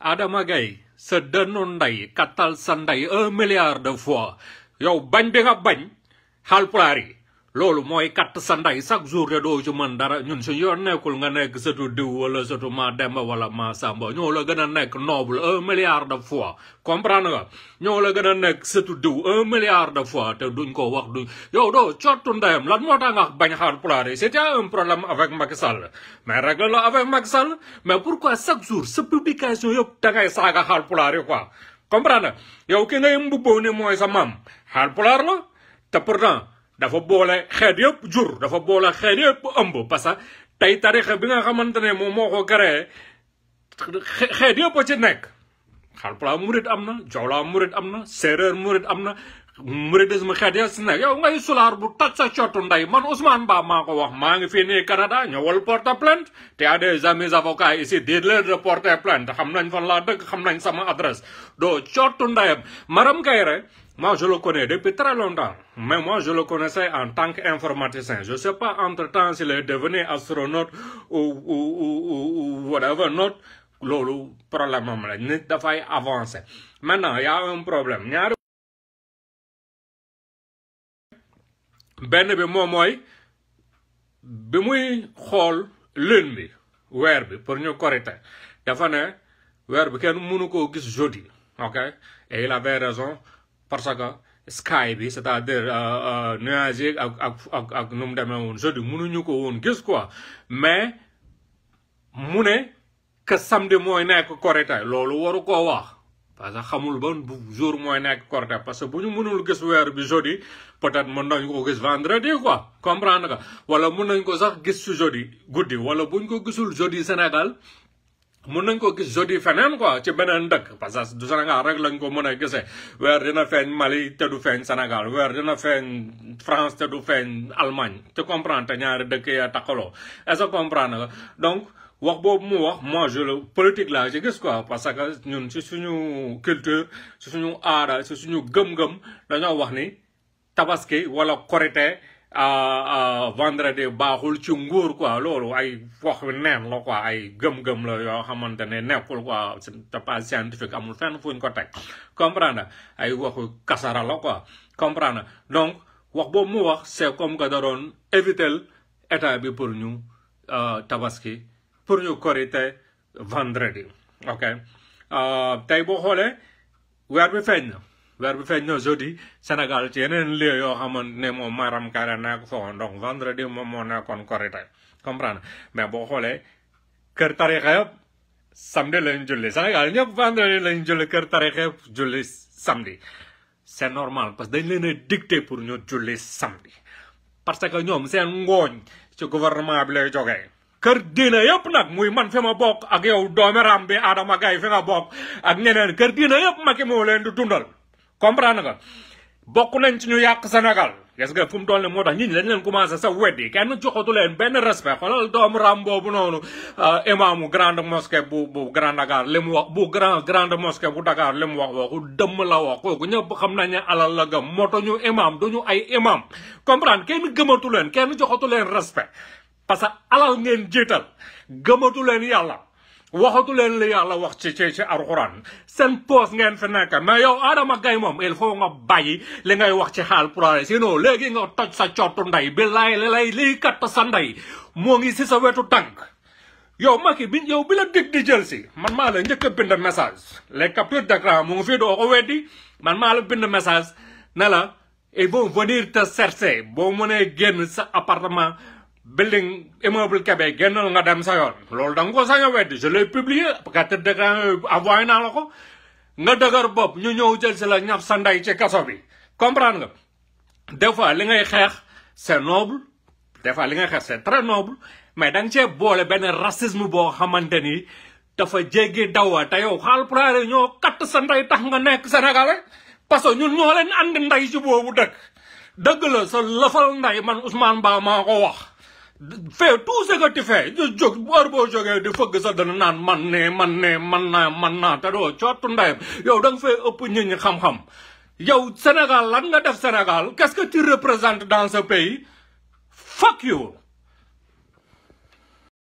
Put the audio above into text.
Adama Gaye sa dënnu ndey kattal sa ndey un milliard de fois yow bañ bi nga bañ Haalpulaar yi loolu mooy katt sa ndey chaque jour de doo ci mën dara ñun suñu yoon nekkul nga nekk sëtu diw wala sëtu ma demba wala ma sàmba ñoo la gën a nekk noble un milliard de fois comprendre nga ñoo la gën a nekk sëtu diw un milliard de fois te duñ ko wax duñ yow doo cottu ndeyam lan moo tax nga bañ xaar pulaar yi c'était un problème avec Macky mais réglé la avec Macky Sall mais pourquoi chaque jour sa publication yëpp da ngay saaga xaar pulaar yi quoi comprendre yow ki ngay mbubboo ni mooy sa maam xaar pulaar la te pourtant dafa boole xeet yopp jur dafa boole xeet yëpp ëmb parce que tey tarixa bi nga xamante ne moom moo ko créé xeet yëpp ci nekk xalpulaar murit am na joolaa murit am na séeréer murit am na mouridisme xeet ya si nag yow ngay sulaar bu toj sa cottu ndey man Ousmane Ba maa ko wax maa ngi fii nii Canada ñëwal porter plainte te à des amis avocats ici dites-leur de porter plainte xam nañ fan la dëkk xam nañ sama adresse doo cottu ndeyam Maram Kairé Moi, je le connais depuis très longtemps. Mais moi, je le connaissais en tant qu'informaticien. Je ne sais pas entre-temps s'il est devenu astronaute ou, ou, ou, ou whatever, not. Lolo, problème, il faut avancer. Maintenant, il y a un problème. benn bi moom mooy bi muy xool lën bi weer bi pour ñu korite dafa ne weer bi kenn mënu koo gis jeudi ok et il avait raison parce que sky bi c'est-à-dire euh, euh, nuage ak ak ak nu mu demee woon jeudi mënuñu ko woon gis quoi mais mu ne que samedi mooy nekk korite loolu waru koo wax parce que xamul ban jour mooy nekk korte parce que bu ñu mënul gis weer bi jeudi peut-être mën nañ ko gis vendredi quoi comprendre nga wala mën nañ ko sax gis su jeudi guddi wala buñ ko gisul jeudi Sénégal mun nañ ko gis jeudi feneen ko ci beneen dëkk parce que du Sénégal rek lañ ko mën a gisee weer dina feeñ Mali te du feeñ Sénégal weer dina feeñ France te du feeñ Allemagne te comprendre te ñaari dëkk ya takkaloo est-ce que donc wax boobu mu wax moi je le politique laa ci gis quoi parce que ñun ci suñu culture ci suñu aada ci suñu gëm-gëm dañoo wax ni tabaski wala korite Ah, ah, vendredi baaxul ci nguur quoi loolu ay wax neen la quoi ay gëm-gëm la yoo xamante ne nekkul quoi c'est pas scientifique amul fenn ñu ko teg comprendre ay waxu kasara la quoi comprendre donc wax boobu mu wax c'est comme que da doon éviter état bi pour ñu euh, tabaski pour ñu te vendredi ok euh, tey boo xoolee weer bi feeñ weer bi feeñ na jeudi Sénégal ci yeneen lieu yoo xamante ne moom maram kaare naa ko fa woon donc vendredi moom moo nekkoon korite comprendre mais boo xoolee kër tarixa yëpp samedi lañ julli Sénégal ñëpp vendredi lañ julli kër tarixa yëpp julli samedi c'est normal parce que dañ leen a dicté pour ñu julli samedi parce que ñoom seen ngooñ ci gouvernement bi lay jógee kër diina yëpp nag muy man fi ma bokk ak yow doomeram bi Adama Gaye fi nga bokk ak ñeneen kër diina yëpp Macky moo leen di dundal comprendre nga bokk nañ ci ñu yàq Sénégal gis nga fu mu toll ne moo tax nit ñi dañ leen commencé sa weddi kenn joxatu leen benn respect xoolal doomu ram boobu noonu euh, imaamu grande mosquée bu bu grand Dakar li mu wax bu grand grande bu Dakar li mu wax waxu dëmm la wax kooku ñëpp xam nañ ne alal la gëm moto ñu imaam duñu ay imaam comprendre kenn gëmatu leen kenn joxatu leen respect parce que alal ngeen jiital gëmatu leen yàlla. waxatu leen li la wax ci ci ci alxuraan seen pose ngeen fi nekk mais yow Adama Gaye moom il faut nga bàyyi li ngay wax ci xaal pulaar sinon léegi nga toj sa cottu nday bi laay li lay liy katt sa ndey moo ngi si sa wetu tànk yow Macky bi yow bi la dig di jël si man maa la njëkk a bind message les captures d'écran mu ngi fii doo ko man maa la bind message ne la ils vont boo mënee génn sa appartement building immeuble Kébé génnal nga dem sa yoon loolu da nga ko sañ a weddi je l'ai publié quatre décrets envoyé naa la ko nga dëgër bopp ñu ñëw jël si la ñaf sa nday ci kaso bi comprendre nga des fois li ngay xeex se noble des fois li ngay xeex c'est très noble mais da nga cee boole benn racisme boo xamante ni dafa jéggi dawa te yow Haalpulaar yi ñoo katt sa ndey tax nga nekk sénégalais parce que ñu ñoo leen andi ndey ci boobu dëkk dëgg la sa lëfal ndey man Ousmane Ba maa ko wax fais tout ce que tu fais jóg boo jógee di fëgg sa dana naan man ne man ne man naa man naa te doo cottu yow da nga fay ëpp nit ñi xam-xam yow Sénégal lan nga def Sénégal qu'est-ce que tu représentes dans ce pays fuck you